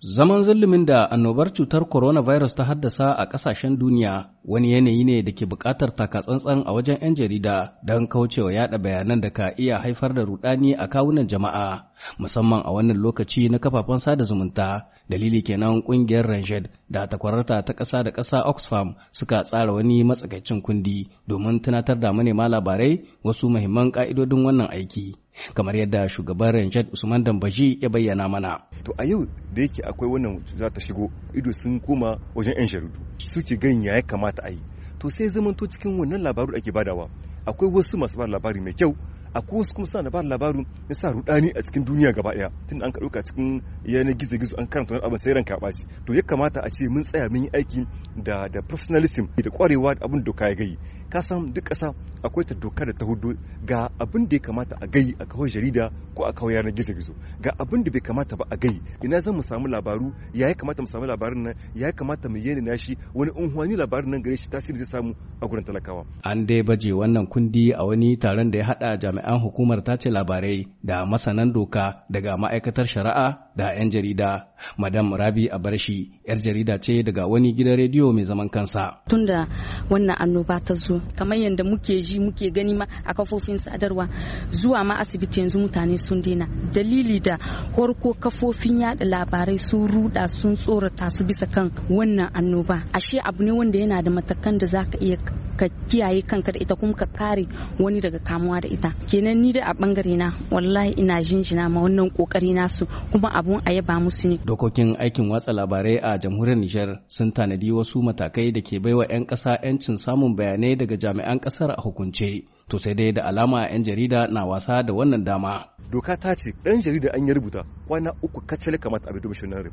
Zaman zillumin da annobar cutar coronavirus ta haddasa a ƙasashen duniya wani yanayi ne da ke buƙatar tsantsan a wajen 'yan jarida don kaucewa yada bayanan da ka iya haifar da rudani a kawunan jama'a musamman a wannan lokaci na kafafen sada zumunta dalili kenan ƙungiyar Ranshed da takwararta ta ƙasa da ƙasa Oxfam suka tsara wani matsakaicin kundi domin tunatar da manema labarai wasu muhimman ƙa'idodin wannan aiki. kamar yadda shugaban Ranjad Usman Dambaji ya bayyana mana. To a yau da yake akwai wannan za ta shigo ido sun koma wajen 'yan sharidu suke gan ya kamata a yi. To sai zamanto cikin wannan labaru ake badawa akwai wasu masu ba labari mai kyau akwai wasu kuma suna da ba labaru na sa rudani a cikin duniya gaba daya tun an ka cikin yanar gizo-gizo an karanta wani abin sai ranka ya to ya kamata a ce mun tsaya mun yi aiki da da professionalism da kwarewa da abin doka ya gayi ka san duk ƙasa akwai ta doka da ta hudu ga abin da ya kamata a gayi a kawai jarida ko a kawai yanar gizo-gizo ga abin da bai kamata ba a gayi ina zan mu samu labaru ya ya kamata mu samu labarin nan ya ya kamata mu yi shi wani unhuwani labarin nan gare shi tasiri zai samu a gurin talakawa an dai baje wannan kundi a wani taron da ya hada jami'a. jami'an hukumar tace labarai da masanan doka daga ma'aikatar shari'a da 'yan jarida. Madam Rabi Abarshi, 'yar jarida ce daga wani gidan rediyo mai zaman kansa. Tun da wannan annoba ta zo, kamar yadda muke ji muke gani ma a kafofin sadarwa zuwa ma asibiti yanzu mutane sun daina. Dalili da horko kafofin yada labarai sun ruda sun tsorata su bisa kan wannan annoba. Ashe abu ne wanda yana da matakan da za ka iya ka kiyaye kanka da ita kuma ka kare wani daga kamuwa da ita kenan ni da a bangare na wallahi ina jinjina ma wannan kokari nasu kuma abun a yaba musu ne dokokin aikin watsa labarai a jamhuriyar Nijar sun tanadi wasu matakai da ke baiwa 'yan ƙasa 'yancin samun bayanai daga jami'an ƙasar a hukunce to sai dai da alama 'yan jarida na wasa da wannan dama doka ta ce ɗan jarida an ya rubuta kwana uku kacal kamata a bi shi nan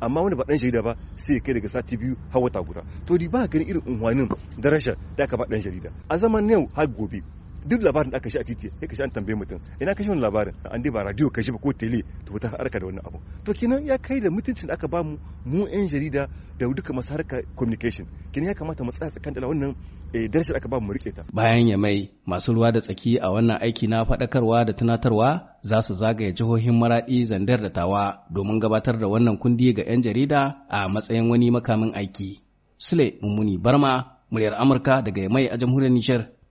amma wani ba ɗan jarida ba sai kai daga sati biyu har wata guda to di ba gani irin unhwanin darajar da ka ba ɗan jarida a zaman yau har gobe duk labarin da aka shi a titi sai ka shi an tambaye mutum ina ka shi wani labarin an dai ba radio ka shi ba ko tele to ta harka da wannan abu to kenan ya kai da mutuncin da aka ba mu mu yan jarida da duka masu harka communication kenan ya kamata mu tsaya tsakanin da wannan eh, da aka ba mu rike ta bayan ya mai masu ruwa da tsaki a wannan aiki na faɗakarwa da tunatarwa za su zagaya jihohin maraɗi zandar da tawa domin gabatar da wannan kundi ga 'yan jarida a matsayin wani makamin aiki sule mummuni barma muryar amurka daga mai a jamhuriyar nishar